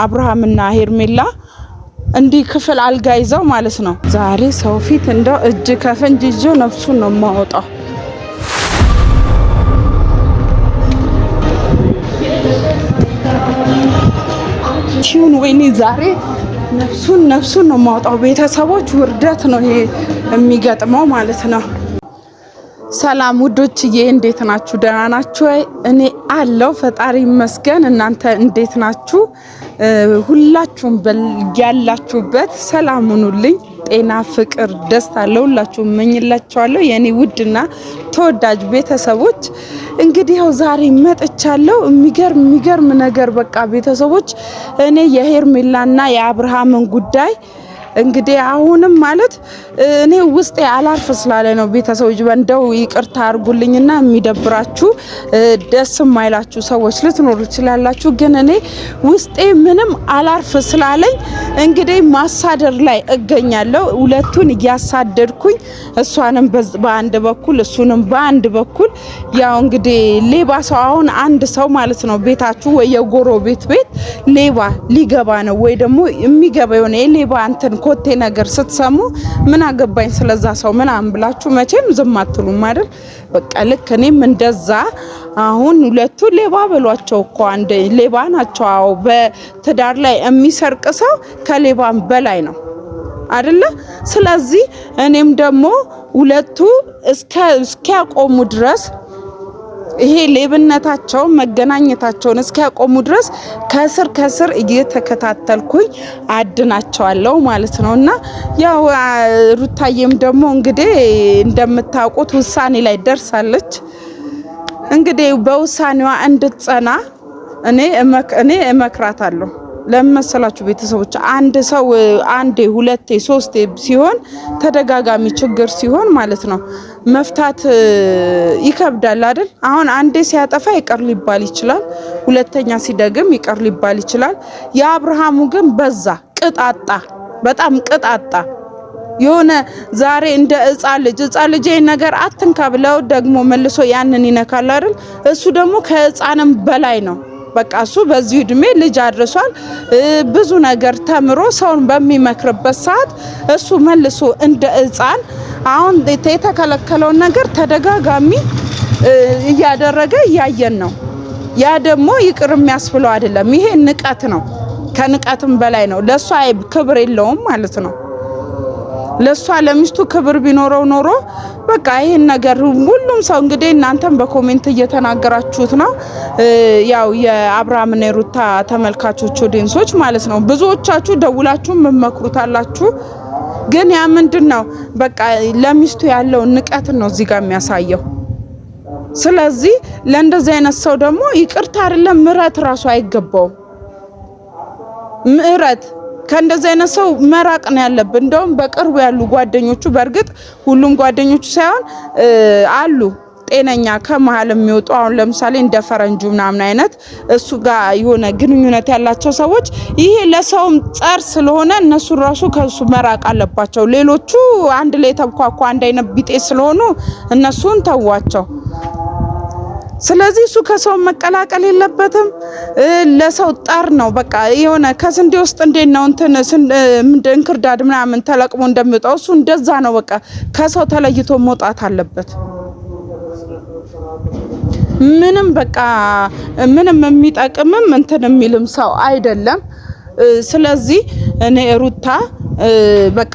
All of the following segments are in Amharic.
አብርሃምና ሄርሜላ እንዲህ ክፍል አልጋ ይዘው ማለት ነው። ዛሬ ሰው ፊት እንደው እጅ ከፍንጅ ይዞ ነፍሱን ነው የማወጣው። ቲዩን ወይኔ ዛሬ ነፍሱን ነፍሱን ነው የማወጣው። ቤተሰቦች ውርደት ነው ይሄ የሚገጥመው ማለት ነው። ሰላም ውዶችዬ እንዴት ናችሁ? ደህና ናችሁ? እኔ አለው ፈጣሪ ይመስገን። እናንተ እንዴት ናችሁ? ሁላችሁም ያላችሁበት ሰላም ሁኑልኝ። ጤና፣ ፍቅር፣ ደስታ ለሁላችሁ እመኝላችኋለሁ የእኔ ውድና ተወዳጅ ቤተሰቦች። እንግዲህ ያው ዛሬ መጥቻለሁ። የሚገርም የሚገርም ነገር በቃ ቤተሰቦች እኔ የሄርሜላና የአብርሃምን ጉዳይ እንግዲህ አሁንም ማለት እኔ ውስጤ አላርፍ ስላለ ነው። ቤተሰቦች እንደው ይቅርታ አርጉልኝና የሚደብራችሁ ደስ የማይላችሁ ሰዎች ልትኖሩ ትችላላችሁ። ግን እኔ ውስጤ ምንም አላርፍ ስላለኝ እንግዲህ ማሳደር ላይ እገኛለሁ። ሁለቱን እያሳደድኩኝ እሷንም በአንድ በኩል እሱንም በአንድ በኩል ያው እንግዲህ ሌባ ሰው አሁን አንድ ሰው ማለት ነው ቤታችሁ ወይ የጎረቤት ቤት ሌባ ሊገባ ነው ወይ ደግሞ የሚገባ የሆነ የሌባ እንትን ኮቴ ነገር ስትሰሙ ምን አገባኝ ስለዛ ሰው ምናምን ብላችሁ መቼም ዝም አትሉም አይደል? በቃ ልክ እኔም እንደዛ አሁን ሁለቱ ሌባ በሏቸው እኮ አንድ ሌባ ናቸው። አዎ በትዳር ላይ የሚሰርቅ ሰው ከሌባም በላይ ነው አይደለ? ስለዚህ እኔም ደግሞ ሁለቱ እስኪያቆሙ ድረስ ይሄ ሌብነታቸውን መገናኘታቸውን እስኪያቆሙ ድረስ ከስር ከስር እየተከታተልኩኝ አድናቸዋለሁ ማለት ነው። እና ያው ሩታዬም ደግሞ እንግዲህ እንደምታውቁት ውሳኔ ላይ ደርሳለች። እንግዲህ በውሳኔዋ እንድትጸና እኔ እመክራታለሁ። ለምን መሰላችሁ ቤተሰቦች፣ አንድ ሰው አንዴ ሁለቴ ሶስቴ ሲሆን ተደጋጋሚ ችግር ሲሆን ማለት ነው መፍታት ይከብዳል አይደል? አሁን አንዴ ሲያጠፋ ይቅር ሊባል ይችላል፣ ሁለተኛ ሲደግም ይቅር ሊባል ይችላል። የአብርሃሙ ግን በዛ ቅጣጣ፣ በጣም ቅጣጣ የሆነ ዛሬ እንደ ሕፃን ልጅ ሕፃን ልጅ ነገር አትንካ ብለው ደግሞ መልሶ ያንን ይነካል አይደል? እሱ ደግሞ ከህፃንም በላይ ነው። በቃ እሱ በዚህ እድሜ ልጅ አድርሷል። ብዙ ነገር ተምሮ ሰውን በሚመክርበት ሰዓት እሱ መልሶ እንደ ህፃን አሁን የተከለከለውን ነገር ተደጋጋሚ እያደረገ እያየን ነው። ያ ደግሞ ይቅር የሚያስብለው አይደለም። ይሄ ንቀት ነው፣ ከንቀትም በላይ ነው። ለእሷ ክብር የለውም ማለት ነው። ለእሷ ለሚስቱ ክብር ቢኖረው ኖሮ በቃ ይህን ነገር ሁሉም ሰው እንግዲህ እናንተም በኮሜንት እየተናገራችሁት ነው። ያው የአብርሃምና የሩታ ተመልካቾች ዲንሶች ማለት ነው። ብዙዎቻችሁ ደውላችሁ መመክሩታላችሁ። ግን ያ ምንድን ነው በቃ ለሚስቱ ያለውን ንቀትን ነው እዚህ ጋር የሚያሳየው። ስለዚህ ለእንደዚህ አይነት ሰው ደግሞ ይቅርታ አይደለም ምረት ራሱ አይገባውም ምረት ከእንደዚህ አይነት ሰው መራቅ ነው ያለብን። እንደውም በቅርቡ ያሉ ጓደኞቹ በእርግጥ ሁሉም ጓደኞቹ ሳይሆን አሉ ጤነኛ ከመሀል የሚወጡ አሁን ለምሳሌ እንደ ፈረንጁ ምናምን አይነት እሱ ጋር የሆነ ግንኙነት ያላቸው ሰዎች ይሄ ለሰውም ጸር ስለሆነ እነሱ ራሱ ከሱ መራቅ አለባቸው። ሌሎቹ አንድ ላይ ተብኳኳ አንድ አይነት ቢጤ ስለሆኑ እነሱን ተዋቸው። ስለዚህ እሱ ከሰው መቀላቀል የለበትም። ለሰው ጣር ነው በቃ የሆነ ከስንዴ ውስጥ እንዴት ነው እንትን እንክርዳድ ምናምን ተለቅሞ እንደሚወጣው እሱ እንደዛ ነው። በቃ ከሰው ተለይቶ መውጣት አለበት። ምንም በቃ ምንም የሚጠቅምም እንትን የሚልም ሰው አይደለም። ስለዚህ እኔ ሩታ በቃ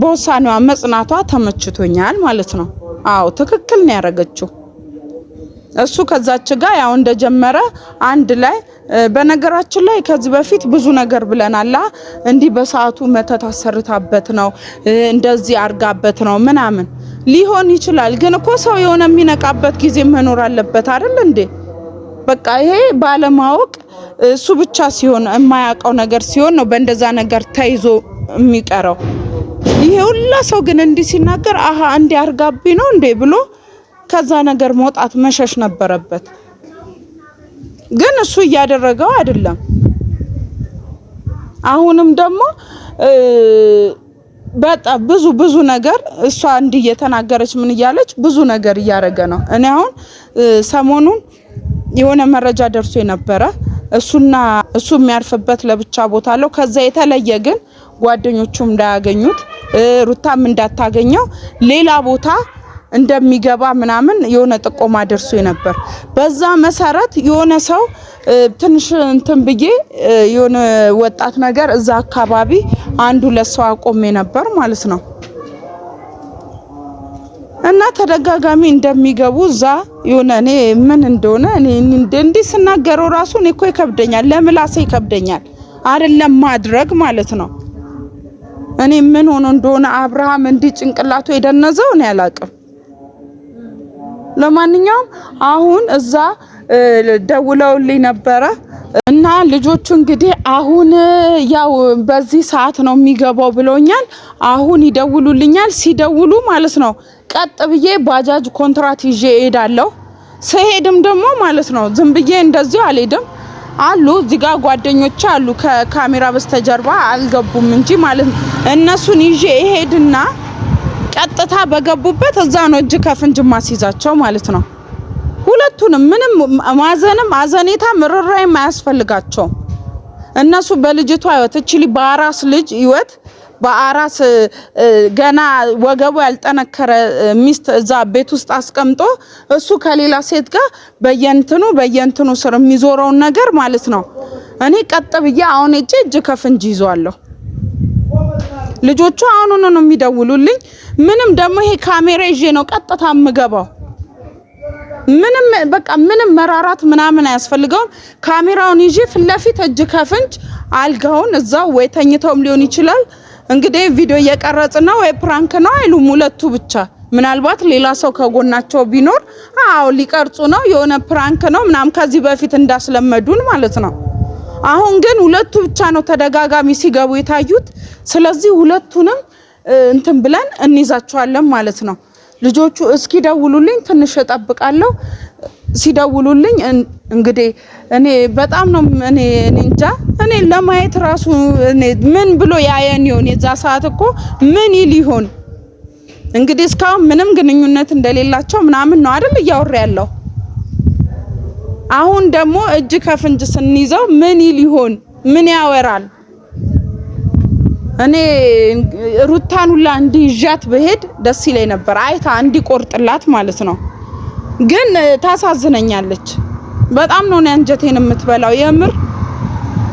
በውሳኔዋ መጽናቷ ተመችቶኛል ማለት ነው። አዎ ትክክል ነው ያደረገችው። እሱ ከዛች ጋር ያው እንደጀመረ አንድ ላይ በነገራችን ላይ ከዚህ በፊት ብዙ ነገር ብለናላ። እንዲህ በሰዓቱ መተት አሰርታበት ነው እንደዚህ አርጋበት ነው ምናምን ሊሆን ይችላል። ግን እኮ ሰው የሆነ የሚነቃበት ጊዜ መኖር አለበት አይደል እንዴ? በቃ ይሄ ባለማወቅ እሱ ብቻ ሲሆን የማያውቀው ነገር ሲሆን ነው በእንደዛ ነገር ተይዞ የሚቀረው። ይሄ ሁላ ሰው ግን እንዲህ ሲናገር አሀ እንዲህ አርጋቢ ነው እንዴ ብሎ ከዛ ነገር መውጣት መሸሽ ነበረበት። ግን እሱ እያደረገው አይደለም። አሁንም ደግሞ በጣም ብዙ ብዙ ነገር እሷ እንዲህ እየተናገረች ምን እያለች ብዙ ነገር እያደረገ ነው። እኔ አሁን ሰሞኑን የሆነ መረጃ ደርሶ የነበረ እሱና እሱ የሚያርፍበት ለብቻ ቦታ አለው። ከዛ የተለየ ግን ጓደኞቹም እንዳያገኙት ሩታም እንዳታገኘው ሌላ ቦታ እንደሚገባ ምናምን የሆነ ጥቆማ ደርሶ ነበር። በዛ መሰረት የሆነ ሰው ትንሽ እንትን ብዬ የሆነ ወጣት ነገር እዛ አካባቢ አንዱ ለሰው አቆሜ ነበር ማለት ነው እና ተደጋጋሚ እንደሚገቡ እዛ የሆነ እኔ ምን እንደሆነ እንዲህ ስናገረው ራሱ እኔ እኮ ይከብደኛል፣ ለምላሴ ይከብደኛል አይደለም ማድረግ ማለት ነው። እኔ ምን ሆኖ እንደሆነ አብርሃም እንዲህ ጭንቅላቱ የደነዘው እኔ አላውቅም። ለማንኛውም አሁን እዛ ደውለውልኝ ነበረ እና ልጆቹ እንግዲህ አሁን ያው በዚህ ሰዓት ነው የሚገባው ብለውኛል። አሁን ይደውሉልኛል። ሲደውሉ ማለት ነው ቀጥ ብዬ ባጃጅ ኮንትራት ይዤ እሄዳለሁ። ስሄድም ደግሞ ማለት ነው ዝም ብዬ እንደዚሁ አልሄድም። አሉ እዚህ ጋር ጓደኞች አሉ ከካሜራ በስተጀርባ አልገቡም እንጂ ማለት ነው እነሱን ይዤ እሄድና ቀጥታ በገቡበት እዛ ነው እጅ ከፍንጅ ማስይዛቸው ማለት ነው። ሁለቱንም ምንም ማዘንም አዘኔታ ምርራይ አያስፈልጋቸውም። እነሱ በልጅቷ ህይወት እችሊ በአራስ ልጅ ህይወት በአራስ ገና ወገቡ ያልጠነከረ ሚስት እዛ ቤት ውስጥ አስቀምጦ እሱ ከሌላ ሴት ጋር በየንትኑ በየንትኑ ስር የሚዞረውን ነገር ማለት ነው። እኔ ቀጥ ብዬ አሁን እጄ እጅ ከፍንጅ ይዟለሁ። ልጆቹ አሁኑኑ ነው የሚደውሉልኝ። ምንም ደግሞ ይሄ ካሜራ ይዤ ነው ቀጥታ የምገባው። ምንም በቃ ምንም መራራት ምናምን አያስፈልገውም። ካሜራውን ይዤ ፊት ለፊት እጅ ከፍንጅ አልጋውን እዛው ወይ ተኝተውም ሊሆን ይችላል እንግዲህ ቪዲዮ እየቀረጽና ወይ ፕራንክ ነው አይሉም ሁለቱ ብቻ። ምናልባት ሌላ ሰው ከጎናቸው ቢኖር አዎ ሊቀርጹ ነው የሆነ ፕራንክ ነው ምናምን ከዚህ በፊት እንዳስለመዱን ማለት ነው። አሁን ግን ሁለቱ ብቻ ነው ተደጋጋሚ ሲገቡ የታዩት። ስለዚህ ሁለቱንም እንትን ብለን እንይዛቸዋለን ማለት ነው። ልጆቹ እስኪደውሉልኝ ትንሽ እጠብቃለሁ። ሲደውሉልኝ እንግዲህ እኔ በጣም ነው እኔ እንጃ እኔ ለማየት ራሱ ምን ብሎ ያየን ይሆን? የዛ ሰዓት እኮ ምን ይል ይሆን? እንግዲህ እስካሁን ምንም ግንኙነት እንደሌላቸው ምናምን ነው አይደል እያወራ ያለው አሁን ደግሞ እጅ ከፍንጅ ስንይዘው ምን ይል ይሆን? ምን ያወራል? እኔ ሩታን ሁላ እንዲህ በሄድ ብሄድ ደስ ይለኝ ነበር፣ አይታ እንዲቆርጥላት ማለት ነው። ግን ታሳዝነኛለች በጣም ነው አንጀቴን የምትበላው የምር።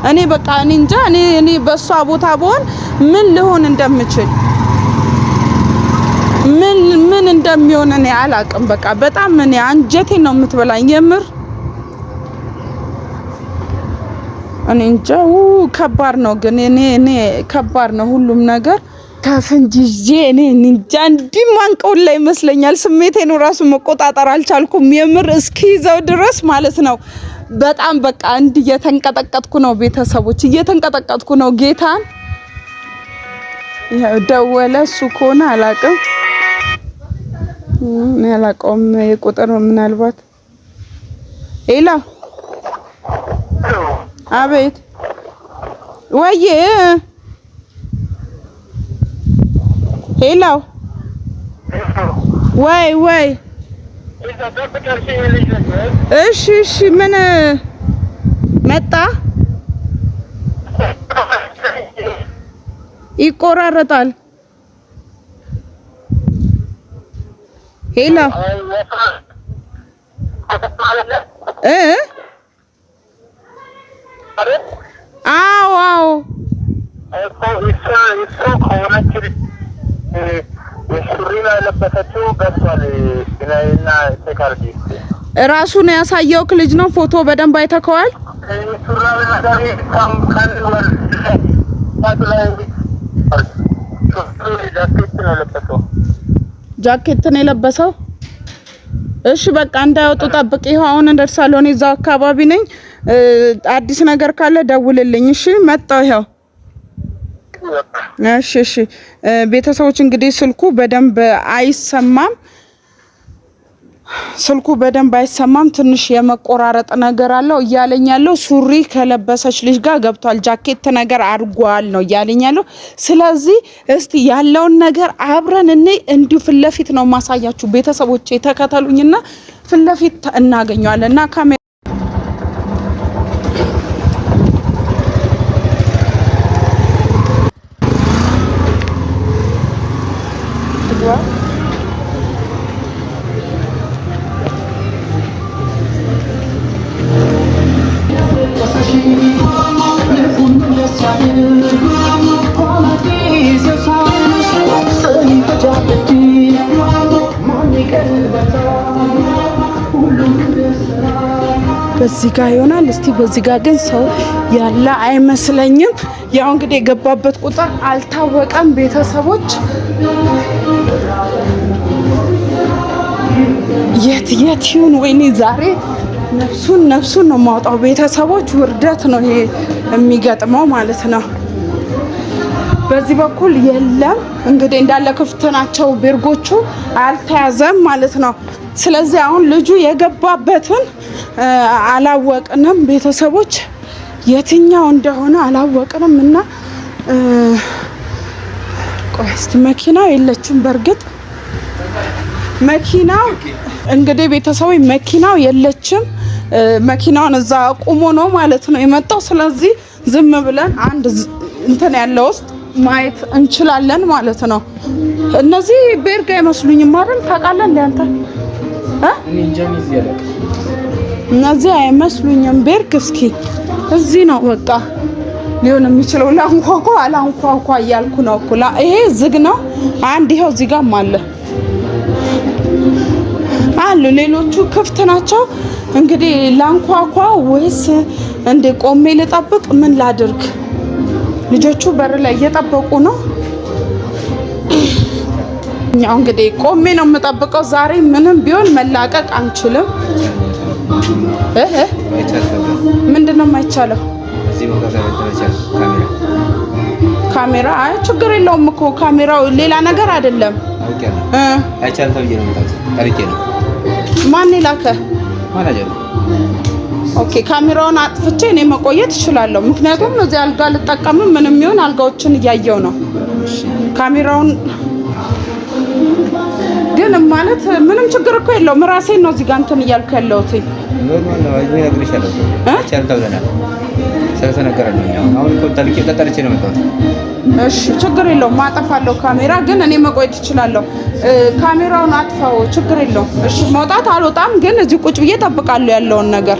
እኔ በቃ እኔ እንጃ እኔ እኔ በሷ ቦታ ብሆን ምን ልሆን እንደምችል ምን ምን እንደሚሆን እኔ አላቅም። በቃ በጣም እኔ አንጀቴን ነው የምትበላኝ የምር። እኔ እንጃ ከባድ ነው ግን እኔ እኔ ከባድ ነው ሁሉም ነገር ከፍንጅ ይዤ እኔ እንጃ እንዲህ ማንቀውን ላይ ይመስለኛል። ስሜቴን ራሱ መቆጣጠር አልቻልኩም። የምር እስኪይዘው ድረስ ማለት ነው። በጣም በቃ እንድ እየተንቀጠቀጥኩ ነው፣ ቤተሰቦች እየተንቀጠቀጥኩ ነው። ጌታን ደወለ። እሱ ከሆነ አላቅም አላቀውም የቁጥር ምናልባት ሌላ አቤት ወይ ሄሎ ወይ ወይ እሺ እሺ ምን መጣ ይቆራረጣል ሄሎ እ አዎ አዎ እኮ ከሆነች ገብቷል። ራሱን ያሳየውክ ልጅ ነው። ፎቶ በደንብ አይተከዋል። ጃኬት ነው የለበሰው። እሺ በቃ እንዳይወጡ ጠብቅ። ይኸው አሁን እንደርሳለሁ። እኔ እዛው አካባቢ ነኝ። አዲስ ነገር ካለ ደውልልኝ። እሺ፣ መጣው ይኸው። እሺ፣ እሺ። ቤተሰቦች እንግዲህ ስልኩ በደንብ አይሰማም፣ ስልኩ በደንብ አይሰማም። ትንሽ የመቆራረጥ ነገር አለው እያለኝ ያለው ሱሪ ከለበሰች ልጅ ጋር ገብቷል፣ ጃኬት ነገር አድርጓል ነው እያለኝ ያለው። ስለዚህ እስቲ ያለውን ነገር አብረን እኔ እንዲሁ ፊት ለፊት ነው ማሳያችሁ ቤተሰቦቼ፣ ተከተሉኝና ፊት ለፊት እናገኘዋለን እና በዚህ ጋር ይሆናል። እስቲ በዚህ ጋር ግን ሰው ያለ አይመስለኝም። ያው እንግዲህ የገባበት ቁጥር አልታወቀም። ቤተሰቦች የት የት ይሁን? ወይኔ ዛሬ ነፍሱን ነፍሱን ነው የማውጣው። ቤተሰቦች ውርደት ነው ይሄ የሚገጥመው ማለት ነው። በዚህ በኩል የለም እንግዲህ እንዳለ ክፍት ናቸው ቤርጎቹ፣ አልተያዘም ማለት ነው። ስለዚህ አሁን ልጁ የገባበትን አላወቅንም፣ ቤተሰቦች የትኛው እንደሆነ አላወቅንም እና ቆይ እስቲ መኪናው የለችም። በእርግጥ መኪናው እንግዲህ ቤተሰቦች መኪናው የለችም። መኪናውን እዛ ቁሞ ነው ማለት ነው የመጣው። ስለዚህ ዝም ብለን አንድ እንትን ያለ ውስጥ ማየት እንችላለን ማለት ነው። እነዚህ ቤርጋ አይመስሉኝም አይደል? ታውቃለህ እንደ አንተ እነዚህ አይመስሉኝም። ቤርክ እስኪ እዚህ ነው በቃ ሊሆን የሚችለው። ላንኳኳ አላንኳኳ እያልኩ ነው እኮ። ይሄ ዝግ ነው። አንድ ይኸው እዚህ ጋርም አለ አሉ። ሌሎቹ ክፍት ናቸው። እንግዲህ ላንኳኳ ወይስ እንደ ቆሜ ልጠብቅ? ምን ላድርግ? ልጆቹ በር ላይ እየጠበቁ ነው። እኛው እንግዲህ ቆሜ ነው የምጠብቀው። ዛሬ ምንም ቢሆን መላቀቅ አንችልም። ምንድን ነው የማይቻለው? ካሜራ አይ ችግር የለውም እኮ ካሜራው ሌላ ነገር አይደለም። ማን ላከ? ኦኬ ካሜራውን አጥፍቼ እኔ መቆየት እችላለሁ። ምክንያቱም እዚህ አልጋ ልጠቀምም ምንም ይሁን አልጋዎችን እያየው ነው ካሜራውን ግን ማለት ምንም ችግር እኮ የለውም። ራሴ ነው እዚህ ጋር እንትን እያልኩ ያለሁት። እሺ ችግር የለውም። አጠፋለሁ ካሜራ ግን እኔ መቆየት እችላለሁ። ካሜራውን አጥፋው፣ ችግር የለውም። እሺ መውጣት አልወጣም፣ ግን እዚህ ቁጭ ብዬ እጠብቃለሁ ያለውን ነገር